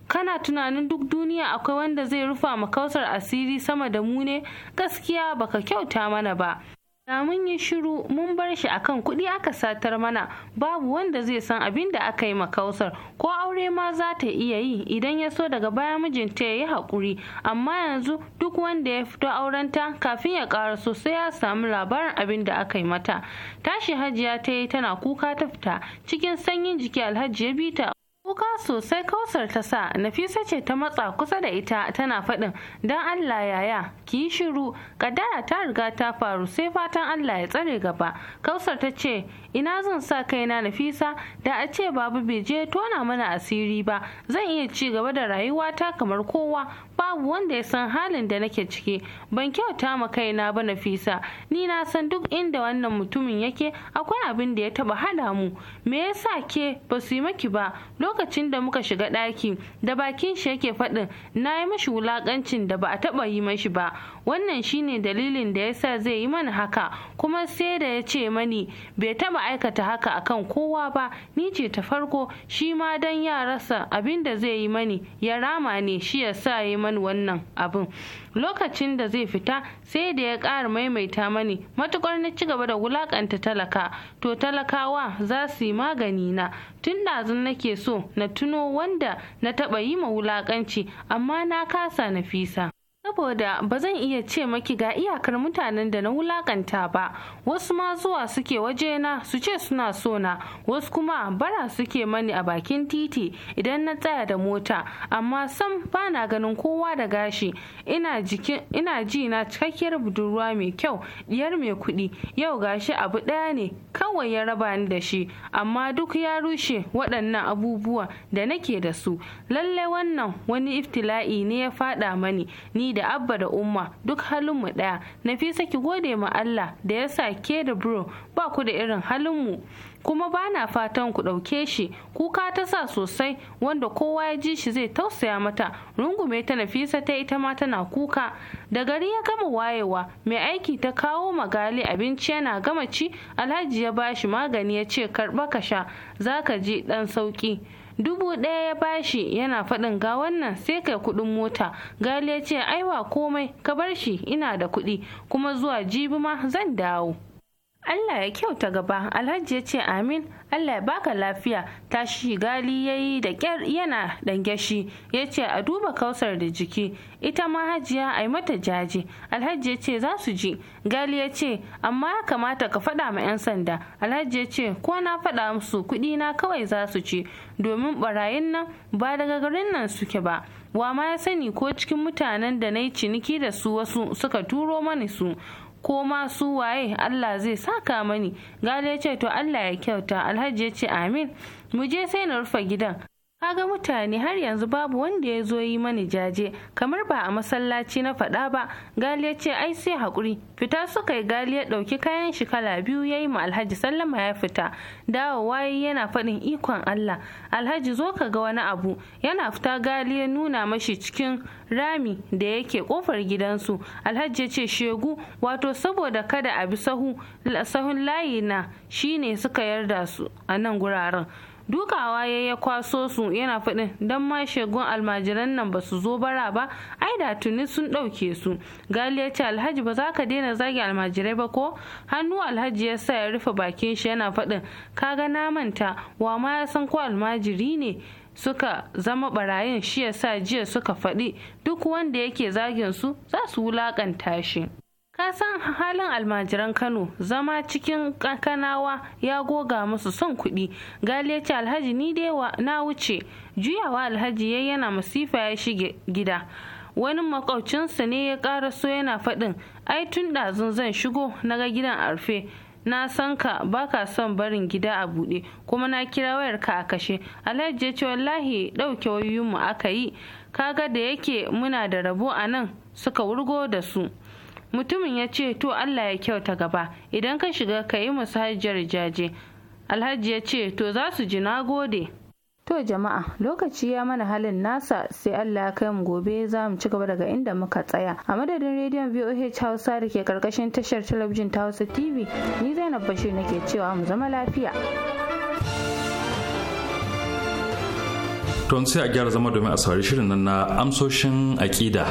kana tunanin duk duniya akwai wanda zai rufa ma kausar asiri sama da mu ne gaskiya baka kyauta mana ba da mun yi shiru mun bar shi akan kuɗi aka satar mana babu wanda zai san abin da aka yi ma ko aure ma za ta iya yi idan ya so daga baya mijinta ya yi haƙuri amma yanzu duk wanda ya fito aurenta kafin ya ƙara sosai, ya samu labarin abin da aka yi mata tashi hajiya ta yi tana kuka ta fita cikin sanyin jiki alhaji ya bi ta kuka sosai kausar ta sa nafisa ce ta matsa kusa da ita tana faɗin don allah yaya ki yi shiru kaddara ta riga ta faru sai fatan allah ya tsare gaba kausar ta ce ina zan sa kai kaina nafisa da a ce babu bai je tona mana asiri ba zan iya ci gaba da rayuwata kamar kowa babu wanda ya san halin da nake ciki ban kyauta ma kaina ba nafisa ni na san duk inda wannan mutumin yake akwai abin da ya taba hada mu me yasa ke ba su yi maki ba lokacin da muka shiga ɗaki da bakin shi yake faɗin na yi mashi wulakancin da ba a taba yi mashi ba wannan shine dalilin da yasa zai yi mana haka kuma sai da ya ce mani bai taba aikata haka akan kowa ba ni ce ta farko shi ma dan ya rasa abin da zai yi mani ya rama ne shi ya sa yi mani wannan abin lokacin da zai fita sai da ya ƙara maimaita mani matukar na ci gaba da wulakanta talaka to talakawa za su yi magani na tun ɗazun nake so na tuno wanda na taɓa yi ma wulakanci amma na kasa nafisa saboda ba zan iya ce maki ga iyakar mutanen da na wulakanta ba wasu ma zuwa suke wajena su ce suna sona wasu kuma bara suke mani a bakin titi idan na tsaya da mota amma sam bana ganin kowa da gashi ina ji na cikakkiyar budurwa mai kyau diyar mai kuɗi yau gashi abu ɗaya ne kawai ya raba ni da shi amma duk ya rushe waɗannan abubuwa da nake da su lallai wannan wani iftila'i ne ya faɗa mani ni da abba da umma duk halin mu ɗaya nafisa ki gode ma Allah da ya sa ke da bro ba ku da irin halin mu kuma ba na fatan ku ɗauke shi kuka ta sa sosai wanda kowa ya ji shi zai tausaya mata rungume ta nafisa ta ita ma tana kuka da gari ya gama wayewa mai aiki ta kawo magali abinci yana gama ci alhaji ya bashi magani ya ce karba ka sha za ka ji dan sauƙi dubu ɗaya ya bashi yana faɗin ga wannan sai kai kuɗin mota gali ya ce aiwa komai ka bar shi ina da kuɗi kuma zuwa jibi ma zan dawo Allah ya kyauta gaba Alhaji ya ce amin Allah ya baka lafiya tashi gali ya yi da kyar yana gashi ya ce a duba kausar da jiki ita ma hajiya a yi mata jaje Alhaji ya ce za su ji gali ya ce amma ya kamata ka faɗa ma 'yan sanda Alhaji ya ce ko na faɗa musu kuɗi na kawai za su ci domin barayin nan ba daga garin nan suke ba wa ma ya sani ko cikin mutanen da na yi ciniki da su wasu suka turo mani su ko ma su waye Allah zai saka mani gali ya ce to Allah ya kyauta alhaji ya ce amin mu je sai na rufe gidan kaga mutane har yanzu babu wanda ya zo yi mani jaje kamar ba a masallaci na faɗa ba gali ya ce ai sai hakuri. fita suka yi gali ya ɗauki kayan shi kala biyu ya yi ma alhaji sallama ya fita Dawo waye yana faɗin ikon allah alhaji zo ka ga wani abu yana fita gali ya nuna mashi cikin rami da yake kofar gidansu alhaji ya ce shegu wato saboda kada a bi sahun layi na shine suka yarda su a nan guraren dukawa ya ya kwaso su yana faɗin don ma shegun almajiran nan ba su zo bara ba ai da tuni sun ɗauke su gali ya ce alhaji ba za ka daina zagi almajirai ba ko hannu alhaji ya sa ya rufe bakin shi yana faɗin Ka ga na manta wa ma ya san ko almajiri ne suka zama barayin shi ya sa jiya suka faɗi duk wanda yake zagin su za su wulakanta shi kasan halin almajiran kano zama cikin kanawa ya goga musu son kuɗi gali alhaji ni dai na wuce juyawa alhaji ya yana masifa ya shige gida wani makaucinsa ne ya su yana faɗin ai tun ɗazun zan shigo na ga gidan arfe na san ka ba ka son barin gida a buɗe kuma na kira wayar ka a kashe alhaji ya ce wallahi ɗauke wayoyinmu aka yi kaga da yake muna da rabo a nan suka wurgo da su mutumin ya ce to allah ya kyauta gaba idan ka shiga ka yi musu hajjar jaje alhaji ya ce to za su ji na gode to jama'a lokaci ya mana halin nasa sai allah ya kai mu gobe za mu ci gaba daga inda muka tsaya a madadin rediyon voh hausa da ke karkashin tashar talabijin ta hausa tv ni zainab bashir nake cewa mu zama lafiya to sai a gyara zama domin a saurari shirin nan na amsoshin aƙida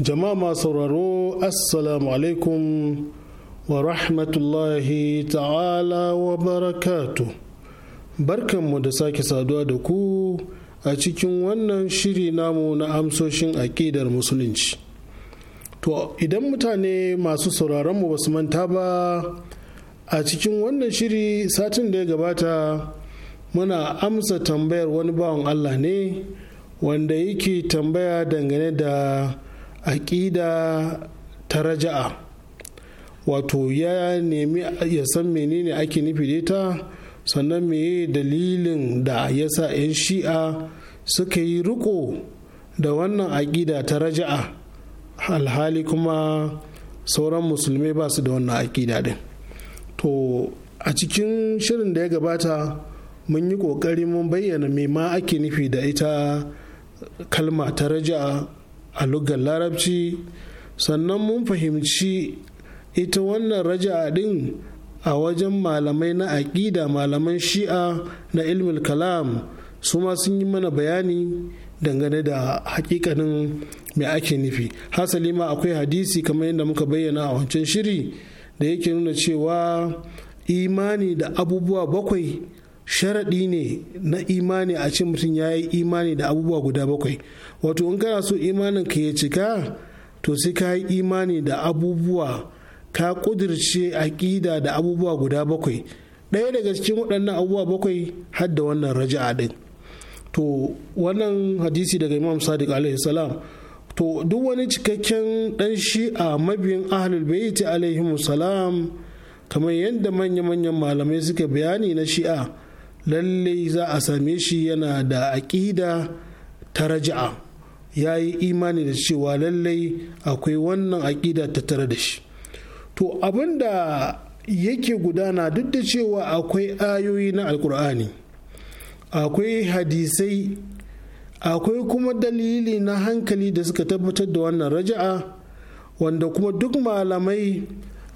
jama'a ma sauraro assalamu alaikum wa rahmatullahi ta'ala wa barakatu barkanmu da sake saduwa da ku a cikin wannan shiri namu na amsoshin aƙidar musulunci to idan mutane masu sauraronmu ba su manta ba a cikin wannan shiri satin da ya gabata muna amsa tambayar wani bawan allah ne wanda yake tambaya dangane da aƙida ta raja'a wato ya nemi ya san menene ake nufi da ita sannan meye dalilin da ya sa 'yan shi'a suka yi riko da wannan aƙida ta raja'a alhali kuma sauran musulmai ba su da wannan aƙida din to a cikin shirin da ya gabata mun yi ƙoƙari mun bayyana me ma ake nufi da ita kalma ta raja'a a lugar larabci sannan mun fahimci ita wannan raja'a din a wajen malamai na aƙida malaman shi'a na ilmil kalam su ma sun yi mana bayani dangane da hakikanin mai ake nufi hasali ma akwai hadisi kamar yadda muka bayyana a wancan shiri da yake nuna cewa imani da abubuwa bakwai sharaɗi ne na imani a ce mutum ya yi imani da abubuwa guda bakwai wato in kana so imanin ka ya cika to sai ka yi imani da abubuwa ka ƙudirce aƙida da abubuwa guda bakwai ɗaya daga cikin waɗannan abubuwa bakwai har da wannan raja'a ɗin to wannan hadisi daga imam sadiq alaihi salam to duk wani cikakken ɗan shi'a mabiyin ahlul bayti alaihi salam kamar yadda manya-manyan malamai suka bayani na shi'a lallai za a same shi yana da aƙida ta raja'a ya yi imani da cewa lallai akwai wannan aƙida ta tare da shi to abin da yake gudana duk da cewa akwai ayoyi na alkur'ani akwai hadisai akwai kuma dalili na hankali da suka tabbatar da wannan raja'a wanda kuma duk malamai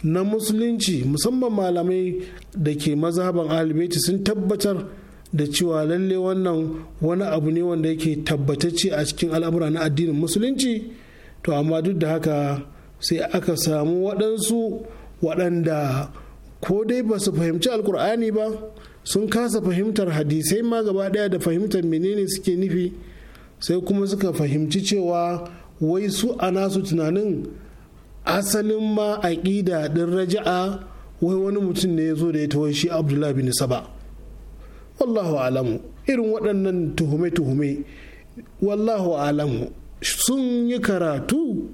na musulunci musamman malamai da ke mazhaban alibaiti sun tabbatar da cewa lalle wannan wani abu ne wanda yake tabbatacce a cikin al'amura na addinin musulunci to amma duk da haka sai aka samu waɗansu waɗanda ko dai ba su fahimci alkur'ani ba sun kasa fahimtar hadisai ma gaba ɗaya da fahimtar menene suke nufi sai kuma suka fahimci cewa wai su a nasu tunanin asalin ma aƙida ɗin raja'a wai wani mutum ne ya zo da ya tawo shi abdullah bin saba wallahu alamu irin waɗannan tuhume-tuhume wallahu alamu sun yi karatu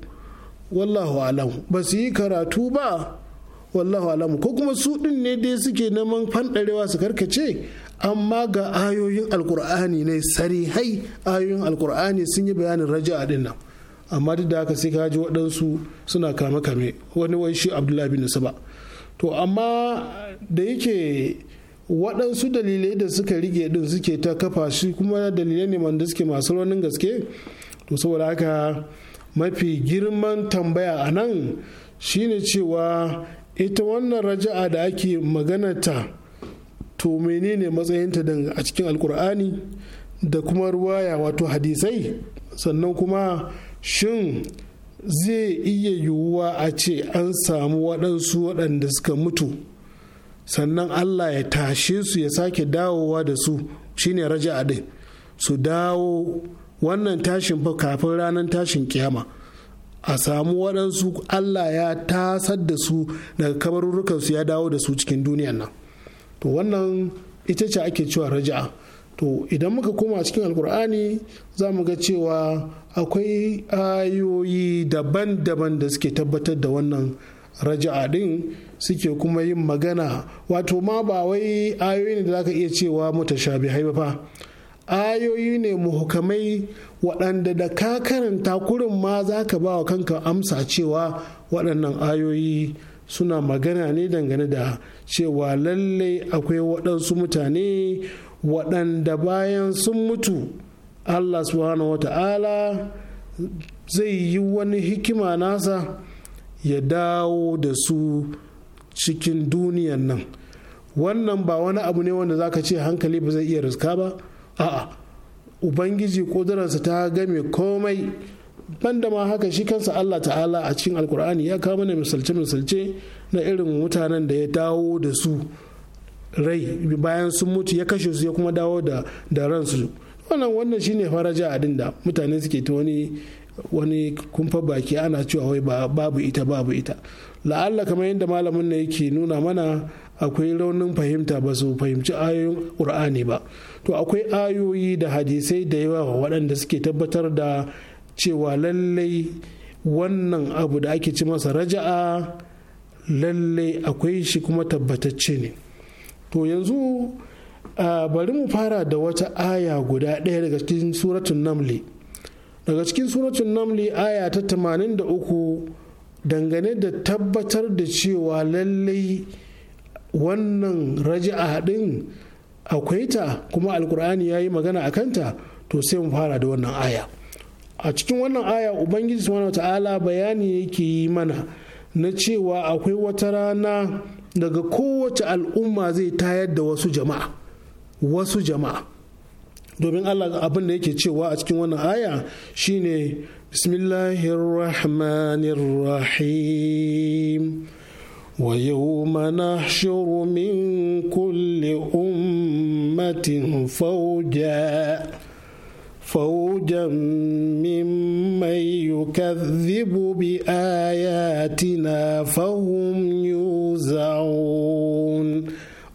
wallahu alamu ba su yi karatu ba wallahu alamu ko kuma su ɗin ne dai suke neman fanɗarewa su karkace amma ga ayoyin alkur'ani ne sarihai ayoyin alkur'ani sun yi bayanin raja'a ɗin nan amma duk da haka sai ka ji waɗansu suna kame kame wani wai shi abdullahi bin saba to amma da yake waɗansu dalilai da suka rige din suke ta kafa shi kuma dalilai ne wanda suke masu raunin gaske to saboda haka mafi girman tambaya a nan shine cewa ita wannan raja'a da ake magana ta to menene matsayinta a cikin alkur'ani da kuma ruwaya wato hadisai sannan kuma shin zai iya yiwuwa a ce an samu waɗansu waɗanda suka mutu sannan allah ya tashe su ya sake dawowa da su shine raja'a din su dawo wannan tashin fa kafin ranar tashin kiyama a samu waɗansu allah ya tasar da su daga kabarurrukansu ya dawo da su cikin duniyan nan to wannan ita ce ake cewa raja'a to idan muka koma cikin alkur'ani za mu ga cewa akwai ayoyi daban-daban da suke tabbatar da wannan raja'a din suke kuma yin magana wato ma ba wai ayoyi ne da za ka iya cewa sha ba fa ayoyi ne muhukamai waɗanda da ka karanta kurin ma za ka ba wa kanka amsa cewa waɗannan ayoyi suna magana ne dangane da cewa lallai akwai waɗansu mutane waɗanda bayan sun mutu allah subhanahu ta'ala zai yi wani hikima nasa ya dawo da su cikin duniyan nan wannan ba wani abu ne wanda zaka ce hankali ba zai iya riska ba a'a ubangiji ƙudurarsa ta game komai banda ma haka shi kansa Allah ta'ala a cikin alkur'ani ya kawo mana misalce-misalce na irin mutanen da ya dawo da su rai bayan sun mutu ya kashe su ya kuma dawo da da ransu wannan wannan shine faraja a dinda mutane suke ta wani wani kumfa baki ana cewa wai babu ita babu ita la'alla kamar yadda malamin na yake nuna mana akwai raunin fahimta ba su fahimci ayoyin qur'ani ba to akwai ayoyi da hadisai da yawa waɗanda suke tabbatar da cewa lallai wannan abu da ake ci masa raja'a lallai akwai shi kuma tabbatacce ne to yanzu bari mu fara da wata aya guda ɗaya daga cikin suratun namli daga cikin suratun namli aya ta tamanin da uku, dangane da tabbatar da cewa lallai wannan raja'a haɗin akwai ta kuma alkur'ani ya yi magana a kanta to sai mu fara da wannan aya a cikin wannan aya ubangiji subhanahu ta'ala bayani yake yi mana na cewa akwai wata rana daga kowace al'umma zai tayar da wasu jama'a wasu jama'a domin Allah abin da yake cewa a cikin wannan aya shine bismillahirrahmanirrahim ويوم نحشر من كل أمة فوجا فوجا ممن يكذب بآياتنا فهم يؤمنون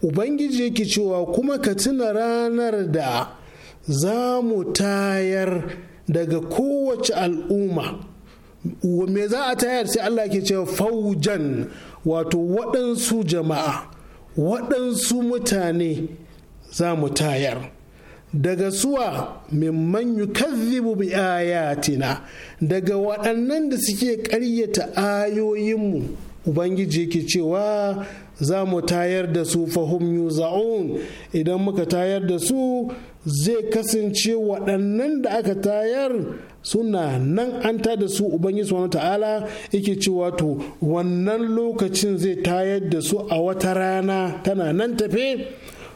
ubangiji yake cewa kuma ka tuna ranar da za mu tayar daga kowace al'umma me za a tayar sai Allah ke cewa faujan wato waɗansu jama'a waɗansu mutane za mu tayar daga suwa mimman yukazzibu bi ayatina daga waɗannan da suke ƙaryata ayoyinmu ubangiji yake cewa za mu tayar da su fahim yuza'un idan muka tayar da su zai kasance waɗannan da aka tayar suna nan an ta da su ubangiji wani ta'ala yake cewa to wannan lokacin zai tayar da su a wata rana tana nan tafe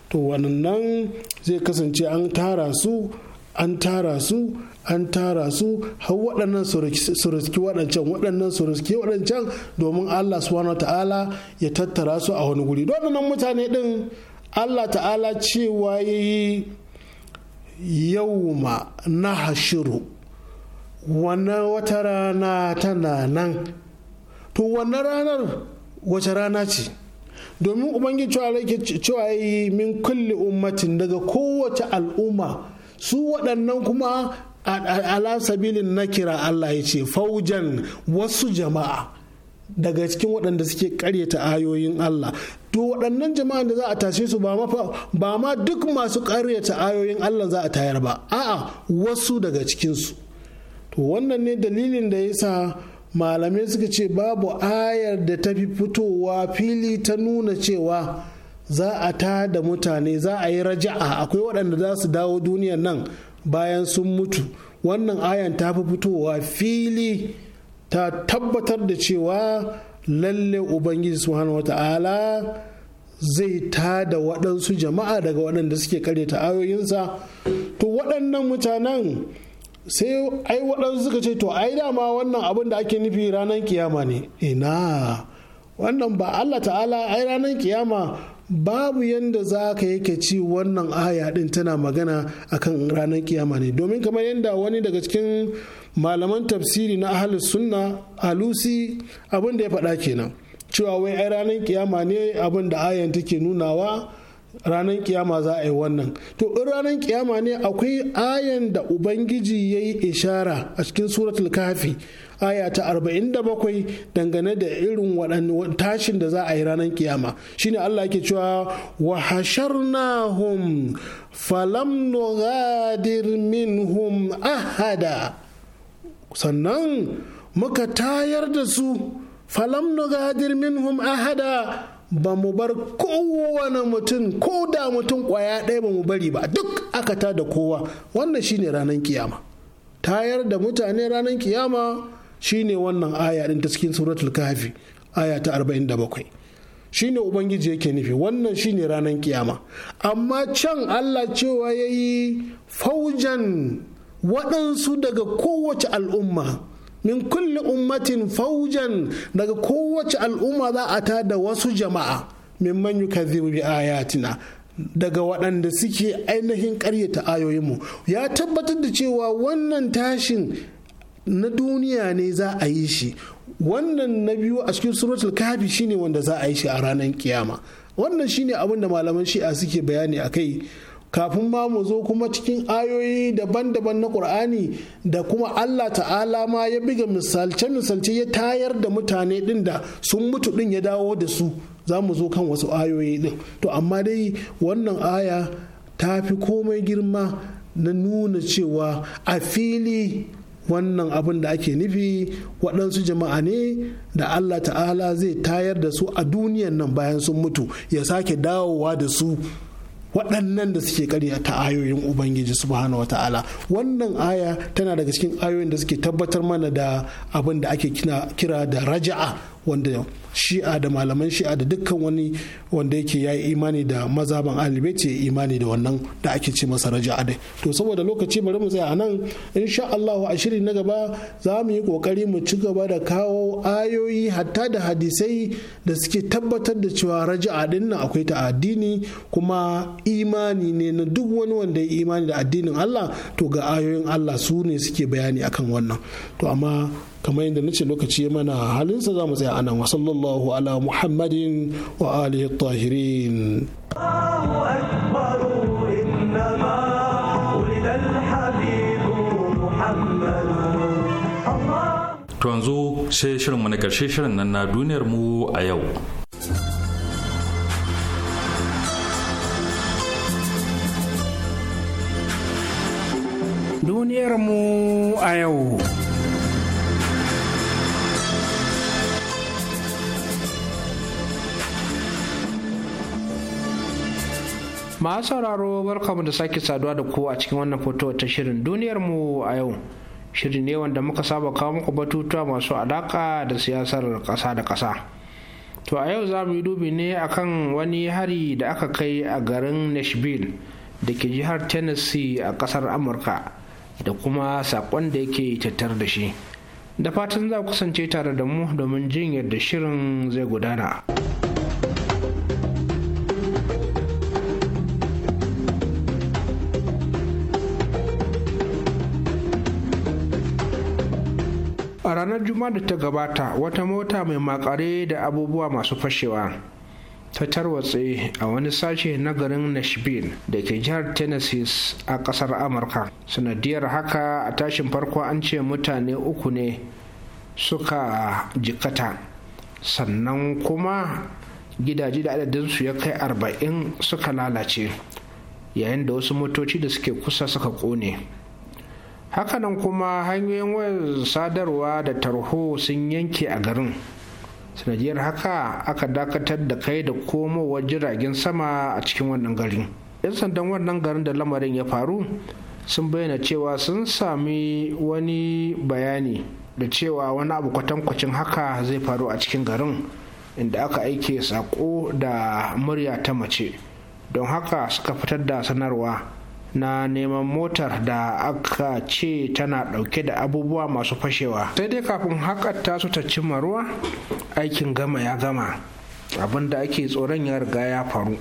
to wannan zai kasance an tara su an tara su an tara su har waɗannan su waɗancan waɗannan su waɗancan domin Allah subhanahu ta'ala ya tattara su a wani guri waɗannan mutane ɗin Allah ta'ala cewa ya yi yawma na hashiru wannan wata rana tana nan to wannan ranar wace rana ce domin ubangiji cewa yi min kulle ummatin daga kowace al'umma su waɗannan kuma ala sabilin na kira Allah ya ce faujan wasu jama'a daga cikin waɗanda suke karyata ayoyin Allah to waɗannan jama'an da za a tashe su ba ma duk masu karyata ayoyin Allah za a tayar ba a'a wasu daga cikinsu to wannan ne dalilin da ya sa malamai suka ce babu ayar da ta fi fitowa fili ta nuna cewa za a ta da mutane za a yi raja'a akwai waɗanda za su dawo duniyar nan bayan sun mutu wannan ayan ta fi fitowa fili ta tabbatar da cewa lalle ubangiji subhanahu wata'ala zai tada waɗansu jama'a daga waɗanda suke ta ayoyinsa to waɗannan mutanen sai ai waɗansu suka ce to ai dama wannan abin da ake nufi ranar kiyama ne ina wannan ba Allah ta'ala ai ranar kiyama babu yadda za ka yake ci wannan aya din tana magana akan ranar kiyama ne domin kamar yadda wani daga cikin malaman tafsiri na ahalus sunna alusi abin da ya faɗa kenan cewa wai ai ranar kiyama ne abin da ayan take nunawa ranar kiyama za a yi wannan to in ranar kiyama ne akwai ayan da ubangiji ya yi ishara a cikin suratul kafi aya ta arba'in da bakwai dangane da irin waɗannan tashin da za a yi ranar kiyama shine Allah yake cewa wa hasharnahum falam nughadir minhum ahada sannan muka tayar da su falam nughadir minhum ahada ba mu bar kowane mutum ko da mutum kwaya ɗaya ba mu bari ba duk aka ta da kowa wannan shine ranar kiyama tayar da mutane ranar kiyama shine wannan aya din ta cikin suratul kahfi aya ta 47 shine ubangiji yake nufi wannan shine ranar kiyama amma can Allah cewa yayi faujan waɗansu daga kowace al'umma min kulli ummatin faujan daga kowace al'umma za a ta da wasu jama'a mimman yukazzibu bi ayatina daga waɗanda suke ainihin ƙaryata ayoyinmu ya tabbatar da cewa wannan tashin na duniya ne za a yi shi wannan na biyu a cikin suratul kafi shine wanda za a yi shi a ranar kiyama wannan shine abin da malaman shi'a suke bayani a kai kafin ma mu zo kuma cikin ayoyi daban-daban na ƙur'ani da kuma Allah ta'ala ma ya biga misalce-misalce ya tayar da mutane ɗin da sun mutu ɗin ya dawo da su za mu zo kan wasu ayoyi din. to amma dai wannan aya ta fi komai girma na nuna cewa a fili wannan abin da ake nufi waɗansu jama'a ne da Allah ta'ala zai tayar da su a duniyan nan bayan sun mutu ya sake dawowa da su waɗannan da suke karya ta ayoyin ubangiji subhanahu wata'ala wannan aya tana daga cikin ayoyin da suke tabbatar mana da abin da ake kira da raja'a wanda shi'a da malaman shi'a da dukkan wani wanda yake ya yi imani da mazaban alibaiti ya imani da wannan da ake ce masa raja'a dai to saboda lokaci bari mu tsaya a nan insha Allah a shiri na gaba za mu yi kokari mu ci gaba da kawo ayoyi hatta da hadisai da suke tabbatar da cewa raja'a din nan akwai ta addini kuma imani ne na duk wani wanda ya imani da addinin Allah to ga ayoyin Allah su ne suke bayani akan wannan to amma kamar yadda nace lokaci ya mana halinsa za mu tsaya anan wa sallallahu ala muhammadin wa alihi tahirin To yanzu sai shirinmu na ƙarshe shirin nan na duniyar mu a yau. duniyar mu a yau. masu sauraro barkamu da sake saduwa da ku a cikin wannan foto ta shirin duniyar mu a yau shirin ne wanda muka saba kawo muku batutuwa masu alaka da siyasar ƙasa da ƙasa to a yau za mu yi dubi ne akan wani hari da aka kai a garin nashville da ke jihar tennessee a ƙasar amurka da kuma saƙon da yake tattar da shi da fatan za ku kasance tare da mu domin jin yadda shirin zai gudana. ranar juma'a da ta gabata wata mota mai makare da abubuwa masu fashewa ta tarwatse a wani sashe na garin nashville da ke jihar tennessee a kasar amurka sanadiyar haka a tashin farko an ce mutane uku ne suka jikata sannan kuma gidaje da adadinsu ya kai arba'in suka lalace yayin da wasu motoci da suke kusa suka kone hakanan kuma hanyoyin wayar sadarwa da tarho sun yanke a garin sanadiyar haka aka dakatar da kai da komowar jiragen sama a cikin wannan garin yan sandan wannan garin da lamarin ya faru sun bayyana cewa sun sami wani bayani da cewa wani abu kwatankwacin haka zai faru a cikin garin inda aka aike sako da murya ta mace don haka suka fitar da sanarwa na neman motar da aka ce tana dauke da abubuwa masu fashewa sai dai kafin haƙar su ta cimma ruwa aikin gama ya gama abin da ake tsoron ya riga ya faru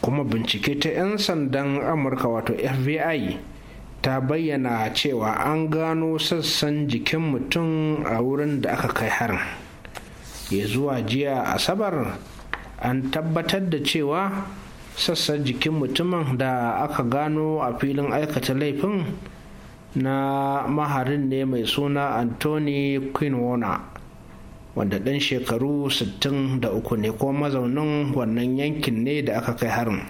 kuma bincike ta 'yan sandan amurka wato fbi ta bayyana cewa an gano sassan jikin mutum a wurin da aka kai harin ya zuwa jiya asabar an tabbatar da cewa sassan jikin mutumin da aka gano a filin aikata laifin na maharin ne mai suna anthony quinona wanda ɗan shekaru 63 ne ko mazaunin wannan yankin ne da aka kai harin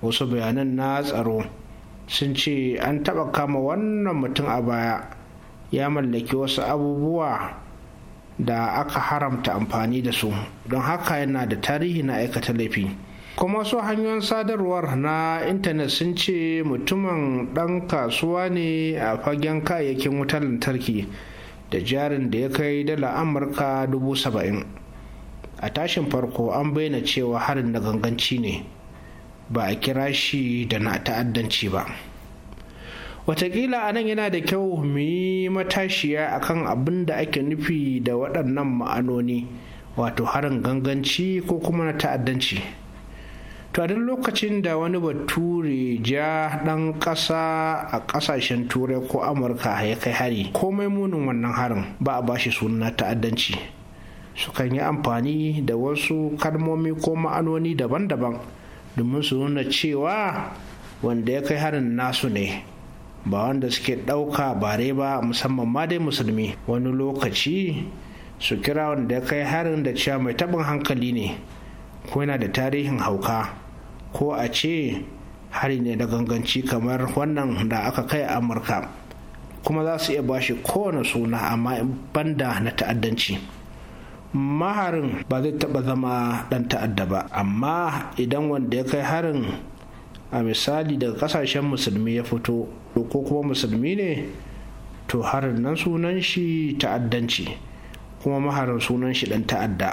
wasu bayanan na tsaro sun ce an taɓa kama wannan mutum a baya ya mallaki wasu abubuwa da aka haramta amfani da su don haka yana da tarihi na aikata laifi. kuma wasu hanyoyin sadarwar na intanet sun ce mutumin 'dan kasuwa ne a fagen kayayyakin wutar lantarki da jarin da ya kai dala amurka dubu saba'in a tashin farko an bayyana cewa harin na ganganci ne ba a kira shi da na ta'addanci ba watakila anan yana da kyau mu yi matashiya akan abin da ake nufi da waɗannan ma'anoni wato harin ganganci ko kuma na ta'addanci to a duk lokacin da wani bature ja ɗan ƙasa a ƙasashen turai ko amurka ya kai hari komai munin wannan harin ba a bashi suna ta'addanci sukan yi amfani da wasu kalmomi ko ma'anoni daban-daban domin su nuna cewa wanda ya kai harin nasu ne ba wanda suke ɗauka bare ba musamman ma dai musulmi wani lokaci su kira wanda ya kai harin da cewa mai taɓin hankali ne ko yana da tarihin hauka ko a ce hari ne da ganganci kamar wannan da aka kai a amurka kuma za su iya ba shi kowane suna amma banda na ta'addanci maharin ba zai taba zama dan ta'adda ba amma idan wanda ya kai harin a misali daga kasashen musulmi ya fito ko kuma musulmi ne to harin nan sunan shi ta'addanci kuma maharin sunan shi dan ta'adda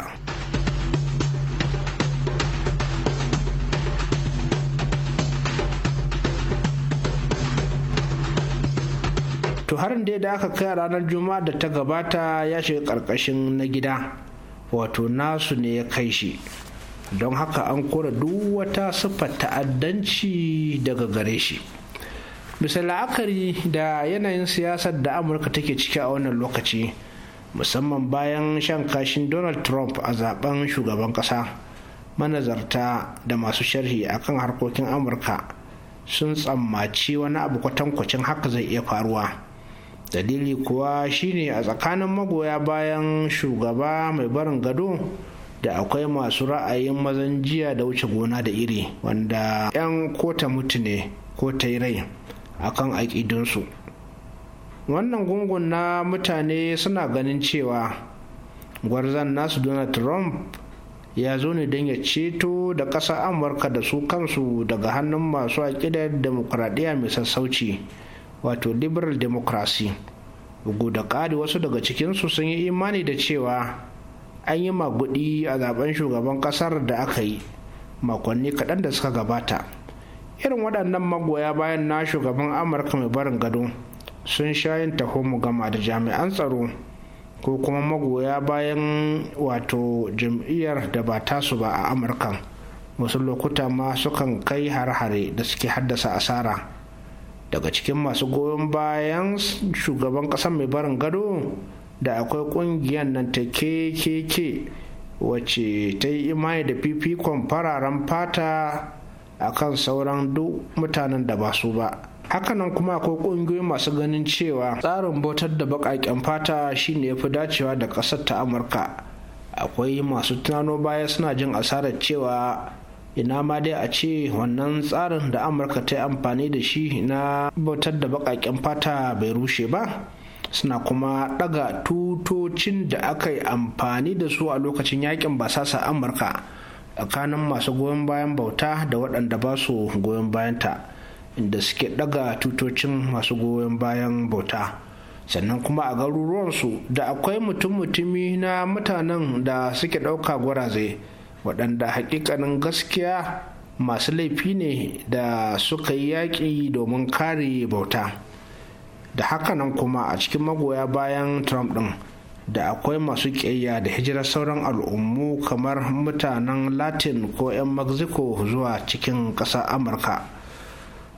to harin da da aka kai ranar juma'a da ta gabata ya shiga karkashin na gida wato nasu ne ya kai shi don haka an kora duk wata siffar ta'addanci daga gare shi bisa la'akari da yanayin siyasar da amurka take ciki a wannan lokaci musamman bayan shan kashin donald trump a zaben shugaban kasa manazarta da masu sharhi a kan harkokin amurka sun tsammaci wani abu kwatankwacin haka zai iya faruwa dalili kuwa shine a tsakanin magoya bayan shugaba mai barin gado da akwai masu ra'ayin mazan jiya da wuce gona da iri wanda 'yan kota ta mutu ne ko ta yi rai akan aƙidinsu wannan gungun na mutane suna ganin cewa gwarzan nasu donald trump ya zo ne don ya ceto da ƙasa amurka da su kansu daga hannun masu aƙidar demokuraɗiyya mai sassauci wato liberal democracy bugu da ƙari wasu daga cikinsu sun yi imani da cewa an yi magudi a zaben shugaban ƙasar da aka yi makonni kaɗan da suka gabata irin waɗannan magoya bayan na shugaban amurka mai barin gado sun sha yin taho gama da jami'an tsaro ko kuma magoya bayan wato jam'iyyar da ba tasu ba a amurka wasu lokuta ma sukan kai har-hare da suke haddasa asara daga cikin masu goyon bayan shugaban ƙasar mai barin gado da akwai ƙungiyar nan ta kkk wacce ta yi imani da fifikon fararen fata a kan sauran duk mutanen da ba su ba hakanan kuma akwai ƙungiyoyin masu ganin cewa tsarin bautar da baƙaƙen fata shine ya fi dacewa da ƙasar ta amurka akwai masu tunano baya suna jin asarar cewa ina ma dai a ce wannan tsarin da amurka ta yi amfani da shi na bautar da baƙaƙen fata bai rushe ba suna kuma ɗaga tutocin da aka yi amfani da su a lokacin yakin basasa amurka tsakanin masu goyon bayan bauta da waɗanda ba su goyon bayanta inda suke ɗaga tutocin masu goyon bayan bauta sannan kuma a garuruwansu da akwai mutum-mutumi na mutanen da suke ɗauka gwaraze waɗanda hakikanin gaskiya masu laifi ne da suka yi yaƙi domin kare bauta da hakanan kuma a cikin magoya bayan trump ɗin da akwai masu ƙiyayya da hijirar sauran al'ummu kamar mutanen latin ko 'yan mexico zuwa cikin ƙasa amurka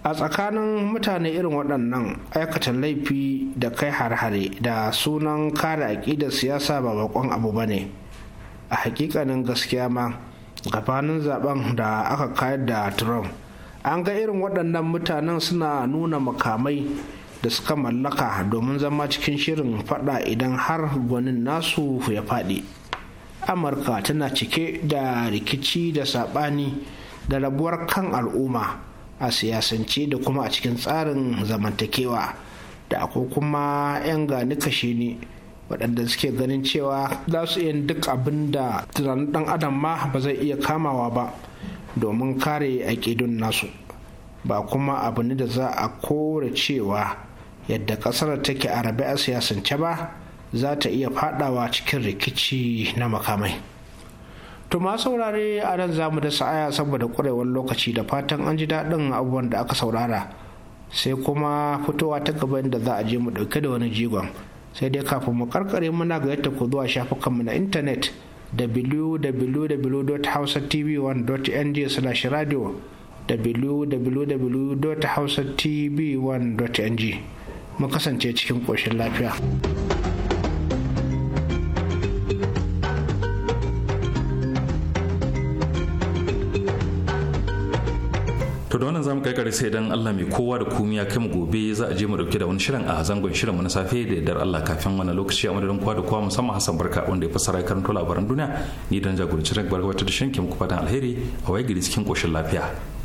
a tsakanin mutane irin waɗannan aikatan laifi da kai har-hare da sunan kare aƙidar siyasa ba bakon abu ba ne a hakikanin gaskiya ma gabanin zaben da aka kayar da trump an ga irin waɗannan mutanen suna nuna makamai da suka mallaka domin zama cikin shirin fada idan har gwanin nasu ya faɗi amurka tana cike da rikici da saɓani da rabuwar kan al'umma a siyasance da kuma a cikin tsarin zamantakewa da akwai kuma 'yan gani kashe ne waɗanda suke ganin cewa za su iya duk abin da tunanin ɗan adam ma ba zai iya kamawa ba domin kare aƙidun nasu ba kuma abu ne da za a kore cewa yadda ƙasar take a rabe a siyasance ba za ta iya faɗawa cikin rikici na makamai to ma saurare a nan za mu da sa'aya saboda ƙwarewar lokaci da fatan an ji daɗin abubuwan da aka saurara sai kuma fitowa ta gaba da za a je mu ɗauke da wani jigon sai dai kafin mu karkare muna ga yadda ku zuwa shafukanmu na intanet www.hausatv1.ng/radio www.hausatv1.ng mu kasance cikin koshin lafiya. to da wannan zamu karkare sai dan Allah mai kowa da komai ya kai mu gobe za a je mu dauke da wani shirin a zangon shirin mu na safe da dar Allah kafin wannan lokaci a madadin kowa da kowa musamman Hassan Barka wanda ya fassara karanto labaran duniya ni dan jagorancin barka wata da shanke muku fatan alheri a waye gari cikin koshin lafiya